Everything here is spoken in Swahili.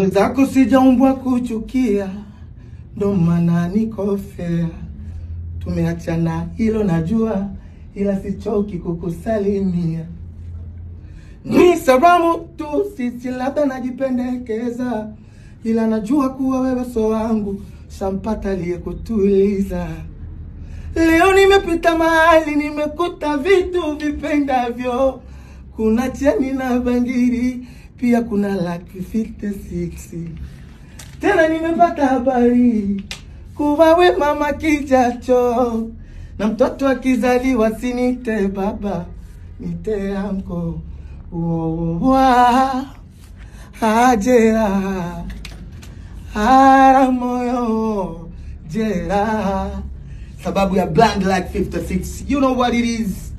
mwenzako sijaumbwa kuchukia, ndo maana niko fea. Tumeachana hilo najua, ila sichoki kukusalimia. Ni salamu tu sisi, labda najipendekeza, ila najua kuwa wewe so wangu, shampata aliyekutuliza. Leo nimepita mahali, nimekuta vitu vipendavyo, kuna cheni na bangiri pia kuna laki 56. Tena nimepata habari kuwa we mama kijacho na mtoto akizaliwa sinite baba nite amko uowa ajera hara moyo jera sababu ya bland like 56 you know what it is